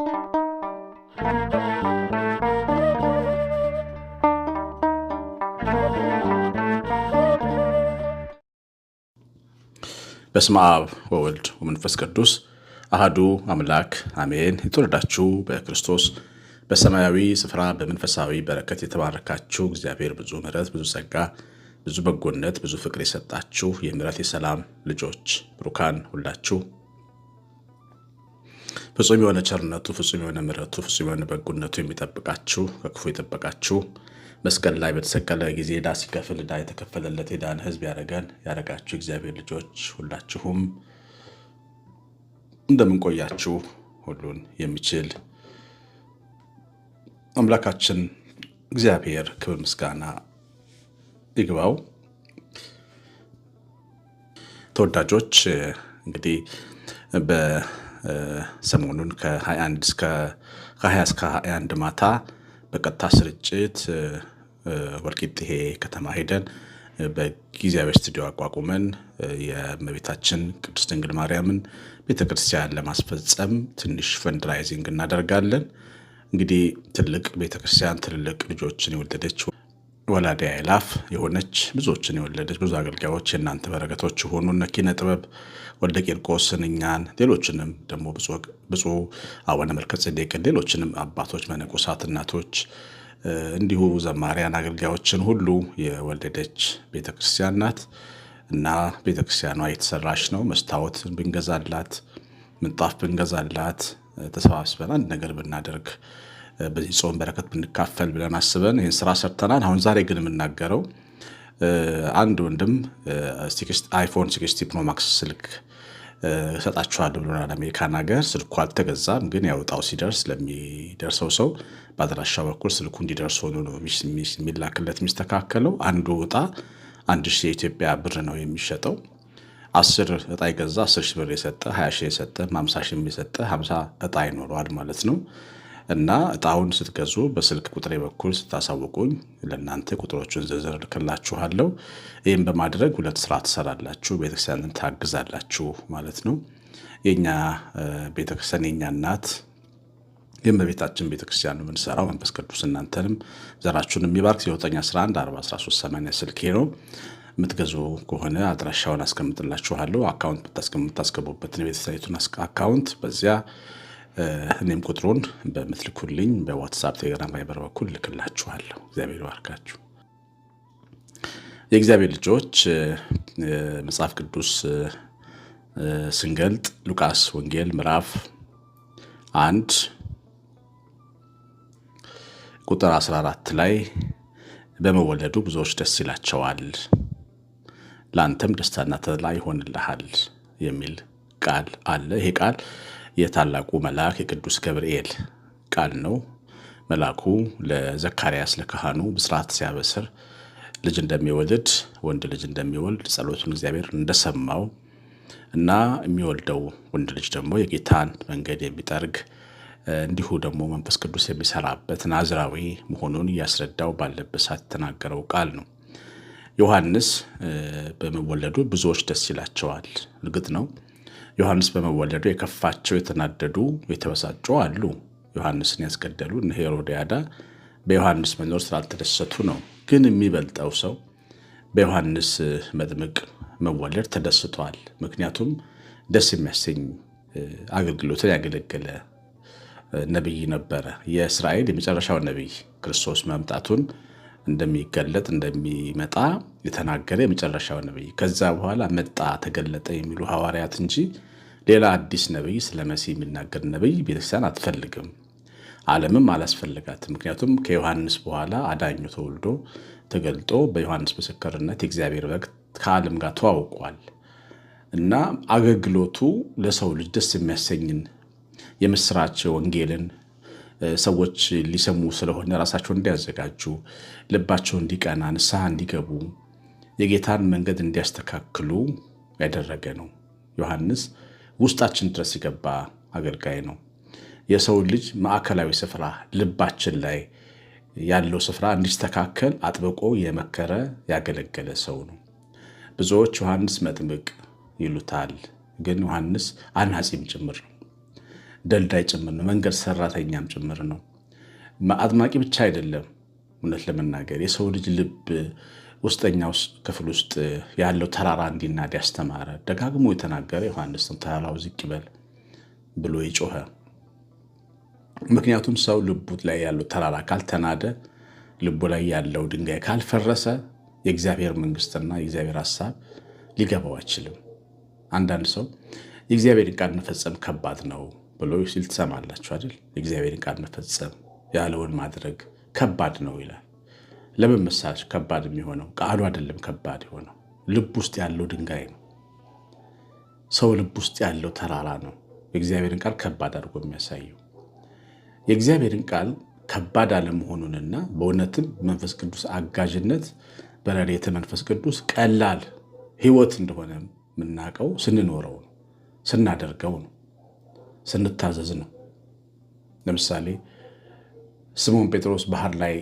በስመ አብ ወወልድ ወመንፈስ ቅዱስ አህዱ አምላክ አሜን። የተወለዳችሁ በክርስቶስ በሰማያዊ ስፍራ በመንፈሳዊ በረከት የተባረካችሁ እግዚአብሔር ብዙ ምሕረት፣ ብዙ ጸጋ፣ ብዙ በጎነት፣ ብዙ ፍቅር የሰጣችሁ የምሕረት የሰላም ልጆች ብሩካን ሁላችሁ ፍጹም የሆነ ቸርነቱ፣ ፍጹም የሆነ ምረቱ ፍጹም የሆነ በጎነቱ የሚጠብቃችሁ ከክፉ የጠበቃችሁ መስቀል ላይ በተሰቀለ ጊዜ ዕዳ ሲከፍል ዕዳ የተከፈለለት የዳን ሕዝብ ያደረገን ያደረጋችሁ እግዚአብሔር ልጆች ሁላችሁም እንደምንቆያችሁ ሁሉን የሚችል አምላካችን እግዚአብሔር ክብር ምስጋና ይግባው። ተወዳጆች እንግዲህ ሰሞኑን ከ21 እስከ 20 እስከ 21 ማታ በቀጥታ ስርጭት ወልቂጤ ከተማ ሄደን በጊዜያዊ ስቱዲዮ አቋቁመን የእመቤታችን ቅድስት ድንግል ማርያምን ቤተክርስቲያን ለማስፈጸም ትንሽ ፈንድራይዚንግ እናደርጋለን። እንግዲህ ትልቅ ቤተክርስቲያን ትልልቅ ልጆችን የወለደችው ወላዲያ ይላፍ የሆነች ብዙዎችን የወለደች ብዙ አገልጋዮች የእናንተ በረከቶች የሆኑ እነ ኪነ ጥበብ ወልደ ቂርቆስን እኛን ሌሎችንም ደግሞ ብፁ አቡነ መልከ ጼዴቅን ሌሎችንም አባቶች፣ መነኮሳት፣ እናቶች እንዲሁ ዘማሪያን አገልጋዮችን ሁሉ የወለደች ቤተክርስቲያን ናት እና ቤተክርስቲያኗ የተሰራች ነው። መስታወት ብንገዛላት፣ ምንጣፍ ብንገዛላት፣ ተሰባስበን አንድ ነገር ብናደርግ በዚህ ጾም በረከት ብንካፈል ብለን አስበን ይህን ስራ ሰርተናል። አሁን ዛሬ ግን የምናገረው አንድ ወንድም አይፎን ሲክስቲ ፕሮማክስ ስልክ እሰጣችኋለሁ ብሎናል። አሜሪካን ሀገር ስልኩ አልተገዛም፣ ግን ያወጣው ሲደርስ ለሚደርሰው ሰው በአድራሻ በኩል ስልኩ እንዲደርስ ሆኖ ነው የሚላክለት የሚስተካከለው። አንዱ እጣ አንድ ሺህ የኢትዮጵያ ብር ነው የሚሸጠው። አስር እጣ የገዛ አስር ሺህ ብር የሰጠ ሀያ ሺህ የሰጠ ሀምሳ ሺህ የሰጠ ሀምሳ እጣ ይኖረዋል ማለት ነው። እና እጣውን ስትገዙ በስልክ ቁጥሬ በኩል ስታሳውቁኝ ለእናንተ ቁጥሮቹን ዝርዝር ልክላችኋለሁ። ይህም በማድረግ ሁለት ስራ ትሰራላችሁ፣ ቤተክርስቲያንን ታግዛላችሁ ማለት ነው። የኛ ቤተክርስቲያን የኛ እናት ይህም በቤታችን ቤተክርስቲያን ነው የምንሰራው። መንፈስ ቅዱስ እናንተንም ዘራችሁን የሚባርክ የ91143 ስልኬ ነው። የምትገዙ ከሆነ አድራሻውን አስቀምጥላችኋለሁ። አካውንት ብታስገቡበትን የቤተሳይቱን አካውንት በዚያ እኔም ቁጥሩን በምትልኩልኝ በዋትሳፕ ቴሌግራም፣ ቫይበር በኩል ልክላችኋለሁ። እግዚአብሔር ይባርካችሁ። የእግዚአብሔር ልጆች መጽሐፍ ቅዱስ ስንገልጥ ሉቃስ ወንጌል ምዕራፍ አንድ ቁጥር 14 ላይ በመወለዱ ብዙዎች ደስ ይላቸዋል፣ ለአንተም ደስታና ተድላ ይሆንልሃል የሚል ቃል አለ። ይሄ ቃል የታላቁ መልአክ የቅዱስ ገብርኤል ቃል ነው። መልአኩ ለዘካርያስ ለካህኑ ብስራት ሲያበስር ልጅ እንደሚወልድ ወንድ ልጅ እንደሚወልድ ጸሎቱን እግዚአብሔር እንደሰማው እና የሚወልደው ወንድ ልጅ ደግሞ የጌታን መንገድ የሚጠርግ እንዲሁ ደግሞ መንፈስ ቅዱስ የሚሰራበት ናዝራዊ መሆኑን እያስረዳው ባለበት ሰዓት የተናገረው ቃል ነው። ዮሐንስ በመወለዱ ብዙዎች ደስ ይላቸዋል። እርግጥ ነው ዮሐንስ በመወለዱ የከፋቸው የተናደዱ፣ የተበሳጩ አሉ። ዮሐንስን ያስገደሉ እነ ሄሮድያዳ በዮሐንስ መኖር ስላልተደሰቱ ነው። ግን የሚበልጠው ሰው በዮሐንስ መጥምቅ መወለድ ተደስቷል። ምክንያቱም ደስ የሚያሰኝ አገልግሎትን ያገለገለ ነቢይ ነበረ። የእስራኤል የመጨረሻው ነቢይ ክርስቶስ መምጣቱን እንደሚገለጥ እንደሚመጣ የተናገረ የመጨረሻው ነቢይ። ከዛ በኋላ መጣ ተገለጠ የሚሉ ሐዋርያት እንጂ ሌላ አዲስ ነቢይ ስለ መሲህ የሚናገር ነቢይ ቤተክርስቲያን አትፈልግም፣ ዓለምም አላስፈልጋትም። ምክንያቱም ከዮሐንስ በኋላ አዳኙ ተወልዶ ተገልጦ በዮሐንስ ምስክርነት የእግዚአብሔር በግ ከዓለም ጋር ተዋውቋል እና አገልግሎቱ ለሰው ልጅ ደስ የሚያሰኝን የምስራች ወንጌልን ሰዎች ሊሰሙ ስለሆነ ራሳቸውን እንዲያዘጋጁ፣ ልባቸው እንዲቀና፣ ንስሐ እንዲገቡ፣ የጌታን መንገድ እንዲያስተካክሉ ያደረገ ነው ዮሐንስ ውስጣችን ድረስ የገባ አገልጋይ ነው። የሰው ልጅ ማዕከላዊ ስፍራ ልባችን ላይ ያለው ስፍራ እንዲስተካከል አጥብቆ የመከረ ያገለገለ ሰው ነው። ብዙዎች ዮሐንስ መጥምቅ ይሉታል፣ ግን ዮሐንስ አናጺም ጭምር ነው። ደልዳይ ጭምር ነው። መንገድ ሰራተኛም ጭምር ነው። አጥማቂ ብቻ አይደለም። እውነት ለመናገር የሰው ልጅ ልብ ውስጠኛው ክፍል ውስጥ ያለው ተራራ እንዲናድ ያስተማረ ደጋግሞ የተናገረ ዮሐንስን ተራራው ዝቅ ይበል ብሎ የጮኸ ምክንያቱም ሰው ልቡ ላይ ያለው ተራራ ካልተናደ፣ ልቡ ላይ ያለው ድንጋይ ካልፈረሰ የእግዚአብሔር መንግስትና የእግዚአብሔር ሀሳብ ሊገባው አይችልም። አንዳንድ ሰው የእግዚአብሔርን ቃል መፈጸም ከባድ ነው ብሎ ሲል ትሰማላችሁ አይደል? የእግዚአብሔርን ቃል መፈጸም ያለውን ማድረግ ከባድ ነው ይላል። ለምን መሳለች ከባድ የሚሆነው ቃሉ አይደለም ከባድ የሆነው ልብ ውስጥ ያለው ድንጋይ ነው። ሰው ልብ ውስጥ ያለው ተራራ ነው የእግዚአብሔርን ቃል ከባድ አድርጎ የሚያሳየው። የእግዚአብሔርን ቃል ከባድ አለመሆኑንና በእውነትም መንፈስ ቅዱስ አጋዥነት በረድኤተ መንፈስ ቅዱስ ቀላል ህይወት እንደሆነ የምናውቀው ስንኖረው ነው፣ ስናደርገው ነው፣ ስንታዘዝ ነው። ለምሳሌ ስምዖን ጴጥሮስ ባህር ላይ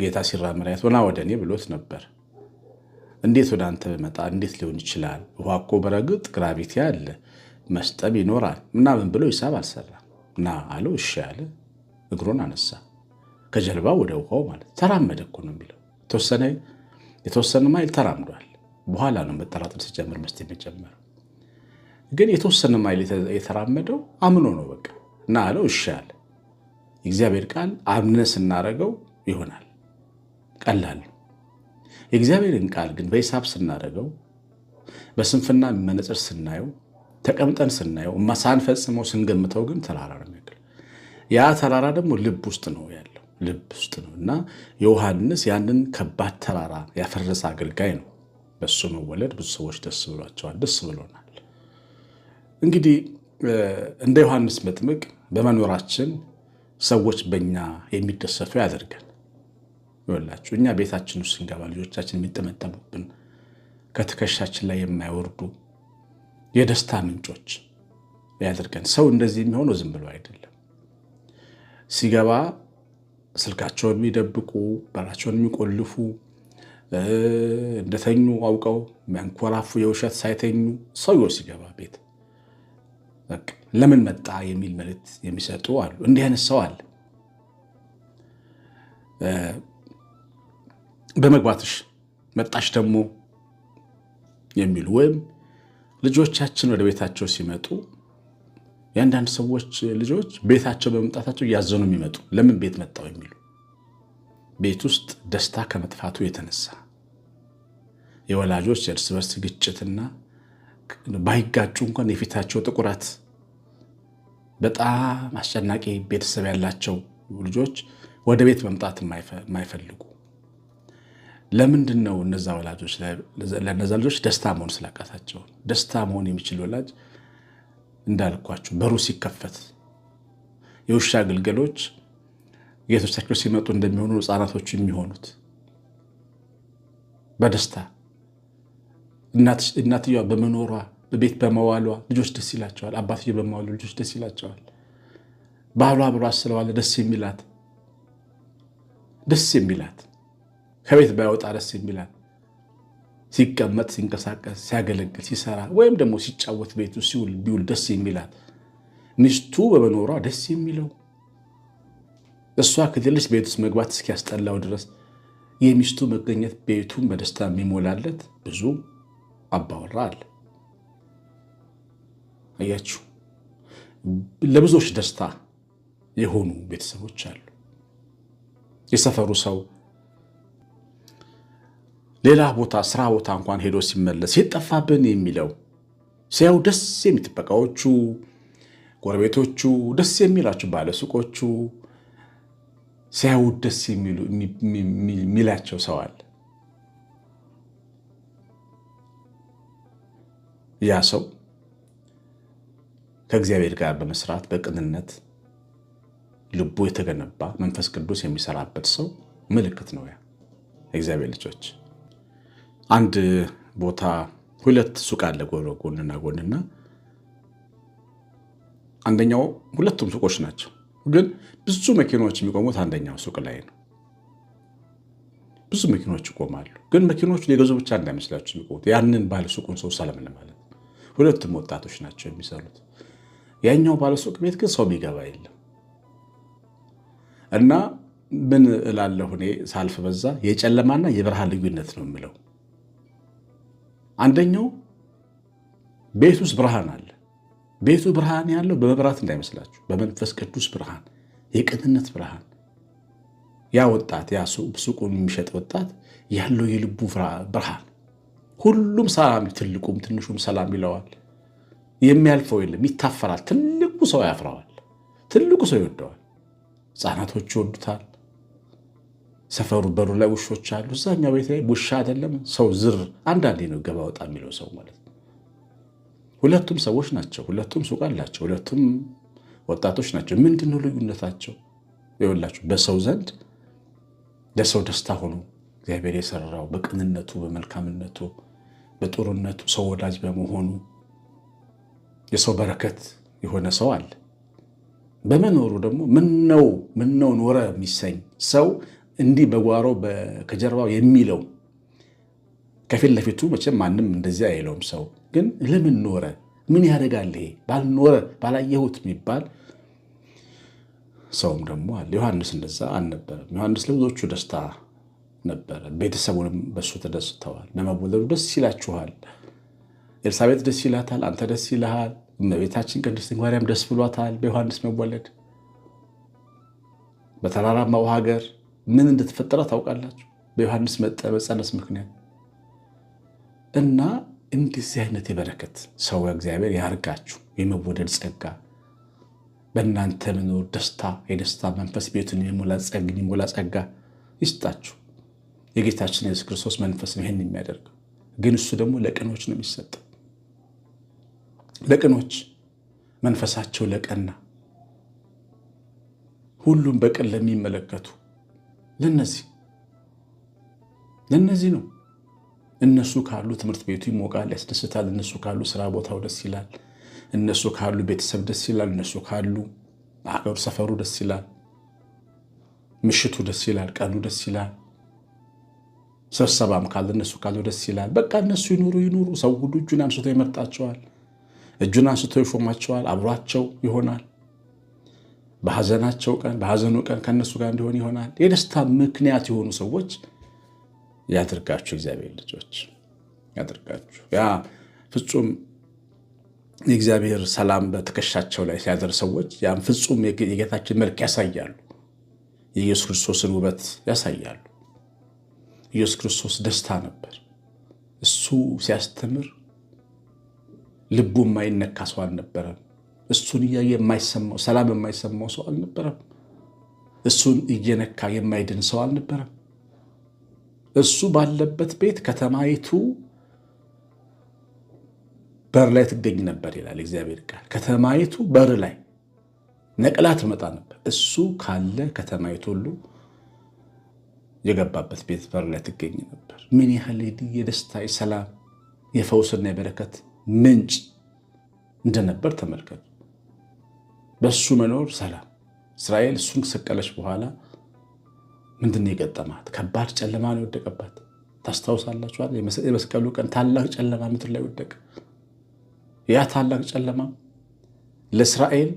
ጌታ ሲራመድ አይቶና ወደ እኔ ብሎት ነበር። እንዴት ወደ አንተ በመጣ እንዴት ሊሆን ይችላል? ውሃ እኮ በረግጥ ግራቪቲ አለ መስጠም ይኖራል ምናምን ብሎ ሂሳብ አልሰራ ና አለው። እሺ ያለ እግሩን አነሳ ከጀልባ ወደ ውሃው ማለት ተራመደ እኮ ነው የሚለው የተወሰነ ማይል ተራምዷል። በኋላ ነው መጠራጠር ሲጀምር መስት የሚጀመረው። ግን የተወሰነ ማይል የተራመደው አምኖ ነው። በቃ እና አለው። እሺ ያለ የእግዚአብሔር ቃል አምነ ስናረገው ይሆናል ቀላል። የእግዚአብሔርን ቃል ግን በሂሳብ ስናደርገው፣ በስንፍና መነጽር ስናየው፣ ተቀምጠን ስናየው፣ ሳንፈጽመው ስንገምተው ግን ተራራ ነው የሚያክል። ያ ተራራ ደግሞ ልብ ውስጥ ነው ያለው ልብ ውስጥ ነው እና ዮሐንስ ያንን ከባድ ተራራ ያፈረሰ አገልጋይ ነው። በሱ መወለድ ብዙ ሰዎች ደስ ብሏቸዋል፣ ደስ ብሎናል። እንግዲህ እንደ ዮሐንስ መጥምቅ በመኖራችን ሰዎች በኛ የሚደሰቱ ያደርገን። ይወላችሁ እኛ ቤታችን ውስጥ ስንገባ ልጆቻችን የሚጠመጠሙብን ከትከሻችን ላይ የማይወርዱ የደስታ ምንጮች ያደርገን። ሰው እንደዚህ የሚሆነው ዝም ብሎ አይደለም። ሲገባ ስልካቸውን የሚደብቁ በራቸውን የሚቆልፉ እንደተኙ አውቀው የሚያንኮራፉ የውሸት ሳይተኙ ሰውየው ሲገባ ቤት ለምን መጣ የሚል መልእክት የሚሰጡ አሉ። እንዲህ አይነት ሰው አለ። በመግባትሽ መጣሽ ደግሞ የሚሉ ወይም ልጆቻችን ወደ ቤታቸው ሲመጡ የአንዳንድ ሰዎች ልጆች ቤታቸው በመምጣታቸው እያዘኑ የሚመጡ ለምን ቤት መጣው የሚሉ ቤት ውስጥ ደስታ ከመጥፋቱ የተነሳ የወላጆች የእርስ በርስ ግጭትና ባይጋጩ እንኳን የፊታቸው ጥቁረት በጣም አስጨናቂ ቤተሰብ ያላቸው ልጆች ወደ ቤት መምጣት የማይፈልጉ ለምንድን ነው እነዛ ወላጆች ለነዛ ልጆች ደስታ መሆን ስላቃታቸው? ደስታ መሆን የሚችል ወላጅ እንዳልኳችሁ በሩ ሲከፈት የውሻ ግልገሎች ጌቶቻቸው ሲመጡ እንደሚሆኑ ህፃናቶች የሚሆኑት በደስታ እናትየዋ በመኖሯ በቤት በመዋሏ ልጆች ደስ ይላቸዋል። አባትዬ በመዋሉ ልጆች ደስ ይላቸዋል። ባሏ ብሏ ስለዋለ ደስ የሚላት ደስ የሚላት ከቤት ባይወጣ ደስ የሚላል። ሲቀመጥ፣ ሲንቀሳቀስ፣ ሲያገለግል፣ ሲሰራ ወይም ደግሞ ሲጫወት ቤቱ ሲውል ቢውል ደስ የሚላል። ሚስቱ በመኖሯ ደስ የሚለው እሷ ከሌለች ቤት ውስጥ መግባት እስኪያስጠላው ድረስ የሚስቱ መገኘት ቤቱን በደስታ የሚሞላለት ብዙ አባወራ አለ። አያችሁ፣ ለብዙዎች ደስታ የሆኑ ቤተሰቦች አሉ። የሰፈሩ ሰው ሌላ ቦታ ስራ ቦታ እንኳን ሄዶ ሲመለስ የጠፋብን የሚለው ሲያው ደስ የሚጥበቃዎቹ ጎረቤቶቹ፣ ደስ የሚላቸው ባለሱቆቹ ሲያው ደስ የሚላቸው ሰው አለ። ያ ሰው ከእግዚአብሔር ጋር በመስራት በቅንነት ልቡ የተገነባ መንፈስ ቅዱስ የሚሰራበት ሰው ምልክት ነው። ያ እግዚአብሔር ልጆች አንድ ቦታ ሁለት ሱቅ አለ ጎንና ጎንና፣ አንደኛው ሁለቱም ሱቆች ናቸው፣ ግን ብዙ መኪናዎች የሚቆሙት አንደኛው ሱቅ ላይ ነው። ብዙ መኪናዎች ይቆማሉ፣ ግን መኪናዎቹ ሊገዙ ብቻ እንዳይመስላቸው የሚቆሙት ያንን ባለ ሱቁን ሰው ሰለምን ማለት ሁለቱም ወጣቶች ናቸው የሚሰሩት። ያኛው ባለ ሱቅ ቤት ግን ሰው የሚገባ የለም እና ምን እላለሁ እኔ ሳልፍ በዛ የጨለማና የብርሃን ልዩነት ነው የምለው አንደኛው ቤት ውስጥ ብርሃን አለ። ቤቱ ብርሃን ያለው በመብራት እንዳይመስላችሁ፣ በመንፈስ ቅዱስ ብርሃን፣ የቅንነት ብርሃን። ያ ወጣት ያ ሱቁን የሚሸጥ ወጣት ያለው የልቡ ብርሃን፣ ሁሉም ሰላም፣ ትልቁም ትንሹም ሰላም ይለዋል። የሚያልፈው የለም፣ ይታፈራል። ትልቁ ሰው ያፍረዋል፣ ትልቁ ሰው ይወደዋል። ህፃናቶች ይወዱታል፣ ሰፈሩ በሩ ላይ ውሾች አሉ። እዛኛው ቤት ላይ ውሻ አይደለም ሰው ዝር አንዳንዴ ነው ገባ ወጣ የሚለው ሰው ማለት ነው። ሁለቱም ሰዎች ናቸው። ሁለቱም ሱቅ አላቸው። ሁለቱም ወጣቶች ናቸው። ምንድን ነው ልዩነታቸው? ይኸውላችሁ በሰው ዘንድ ለሰው ደስታ ሆኖ እግዚአብሔር የሰራው በቅንነቱ፣ በመልካምነቱ፣ በጥሩነቱ ሰው ወዳጅ በመሆኑ የሰው በረከት የሆነ ሰው አለ። በመኖሩ ደግሞ ምነው ምነው ኖረ የሚሰኝ ሰው እንዲህ በጓሮ ከጀርባው የሚለው ከፊት ለፊቱ መቼም ማንም እንደዚያ የለውም። ሰው ግን ለምን ኖረ? ምን ያደርጋል? ይሄ ባልኖረ ባላየሁት የሚባል ሰውም ደግሞ አለ። ዮሐንስ እንደዛ አልነበረም። ዮሐንስ ለብዙዎቹ ደስታ ነበረ። ቤተሰቡንም በሱ ተደስተዋል። ለመወለዱ ደስ ይላችኋል። ኤልሳቤጥ ደስ ይላታል። አንተ ደስ ይልሃል። እመቤታችን ቅድስት ማርያም ደስ ብሏታል በዮሐንስ መወለድ በተራራማው ሀገር ምን እንደተፈጠረ ታውቃላችሁ? በዮሐንስ መጸነስ ምክንያት እና እንደዚህ አይነት የበረከት ሰው እግዚአብሔር ያርጋችሁ። የመወደድ ጸጋ በእናንተ መኖር ደስታ፣ የደስታ መንፈስ ቤቱን የሞላ ጸጋ ይስጣችሁ። የጌታችን የሱስ ክርስቶስ መንፈስ ነው ይህን የሚያደርገው። ግን እሱ ደግሞ ለቅኖች ነው የሚሰጠው። ለቅኖች መንፈሳቸው ለቀና ሁሉም በቅን ለሚመለከቱ ለነዚህ ለነዚህ ነው። እነሱ ካሉ ትምህርት ቤቱ ይሞቃል፣ ያስደስታል። እነሱ ካሉ ስራ ቦታው ደስ ይላል። እነሱ ካሉ ቤተሰብ ደስ ይላል። እነሱ ካሉ አገሩ ሰፈሩ ደስ ይላል። ምሽቱ ደስ ይላል። ቀኑ ደስ ይላል። ስብሰባም ካለ እነሱ ካሉ ደስ ይላል። በቃ እነሱ ይኑሩ ይኑሩ። ሰው ሁሉ እጁን አንስቶ ይመርጣቸዋል። እጁን አንስቶ ይሾማቸዋል። አብሯቸው ይሆናል። በሐዘናቸው ቀን በሐዘኑ ቀን ከእነሱ ጋር እንዲሆን ይሆናል። የደስታ ምክንያት የሆኑ ሰዎች ያድርጋችሁ። እግዚአብሔር ልጆች ያድርጋችሁ። ያ ፍጹም የእግዚአብሔር ሰላም በትከሻቸው ላይ ሲያደር ሰዎች ያም ፍጹም የጌታችን መልክ ያሳያሉ። የኢየሱስ ክርስቶስን ውበት ያሳያሉ። ኢየሱስ ክርስቶስ ደስታ ነበር። እሱ ሲያስተምር ልቡ የማይነካ ሰው አልነበረም። እሱን እያየ የማይሰማው ሰላም የማይሰማው ሰው አልነበረም። እሱን እየነካ የማይድን ሰው አልነበረም። እሱ ባለበት ቤት ከተማይቱ በር ላይ ትገኝ ነበር ይላል እግዚአብሔር ቃል። ከተማይቱ በር ላይ ነቅላ ትመጣ ነበር። እሱ ካለ ከተማይቱ ሁሉ የገባበት ቤት በር ላይ ትገኝ ነበር። ምን ያህል የደስታ የሰላም የፈውስና የበረከት ምንጭ እንደነበር ተመልከቱ። በእሱ መኖር ሰላም። እስራኤል እሱን ከሰቀለች በኋላ ምንድነው የገጠማት? ከባድ ጨለማ ነው የወደቀባት። ታስታውሳላችኋል? የመስቀሉ ቀን ታላቅ ጨለማ ምድር ላይ ወደቀ። ያ ታላቅ ጨለማ ለእስራኤል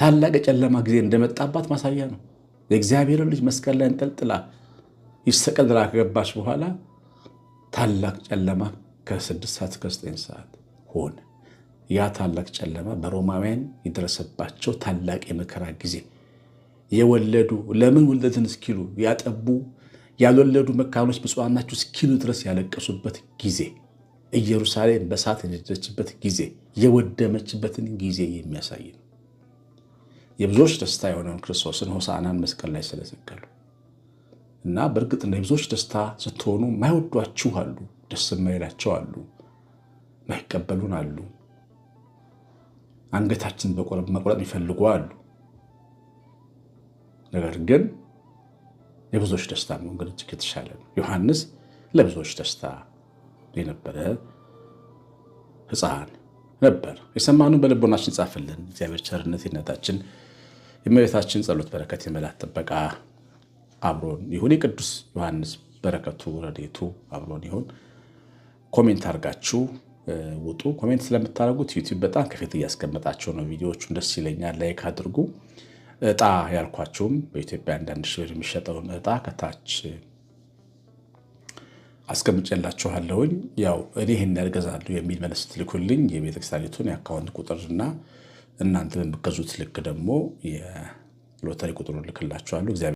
ታላቅ የጨለማ ጊዜ እንደመጣባት ማሳያ ነው። የእግዚአብሔር ልጅ መስቀል ላይ እንጠልጥላ ይሰቀል ብላ ከገባች በኋላ ታላቅ ጨለማ ከስድስት ሰዓት እስከ ዘጠኝ ሰዓት ሆነ። ያ ታላቅ ጨለማ በሮማውያን የደረሰባቸው ታላቅ የመከራ ጊዜ የወለዱ ለምን ውልደትን እስኪሉ ያጠቡ ያልወለዱ መካኖች ብፁዓን ናችሁ እስኪሉ ድረስ ያለቀሱበት ጊዜ ኢየሩሳሌም በሳት የነደደችበት ጊዜ የወደመችበትን ጊዜ የሚያሳይ ነው። የብዙዎች ደስታ የሆነውን ክርስቶስን ሆሳናን መስቀል ላይ ስለሰቀሉ እና በእርግጥ የብዙዎች ደስታ ስትሆኑ ማይወዷችሁ አሉ፣ ደስ የማይላቸው አሉ፣ ማይቀበሉን አሉ አንገታችን መቁረጥ ይፈልጉ አሉ። ነገር ግን የብዙዎች ደስታ መንገድ እጅግ የተሻለ ነው። ዮሐንስ ለብዙዎች ደስታ የነበረ ሕፃን ነበር። የሰማነውን በልቦናችን ጻፍልን። እግዚአብሔር ቸርነት ይነታችን የእመቤታችን ጸሎት በረከት የመላት ጥበቃ አብሮን ይሁን። የቅዱስ ዮሐንስ በረከቱ ረዴቱ አብሮን ይሁን። ኮሜንት አድርጋችሁ ውጡ። ኮሜንት ስለምታደርጉት ዩቲዩብ በጣም ከፊት እያስቀመጣቸው ነው። ቪዲዮዎቹን ደስ ይለኛል። ላይክ አድርጉ። እጣ ያልኳቸውም በኢትዮጵያ አንዳንድ ሺህ ብር የሚሸጠውን እጣ ከታች አስቀምጬላችኋለሁኝ። ያው እኔ ይህን ያልገዛለሁ የሚል መልስ ትልኩልኝ የቤተክርስቲያኒቱን የአካውንት ቁጥርና እናንተ በምትገዙት ልክ ደግሞ የሎተሪ ቁጥሩን ልክላችኋለሁ።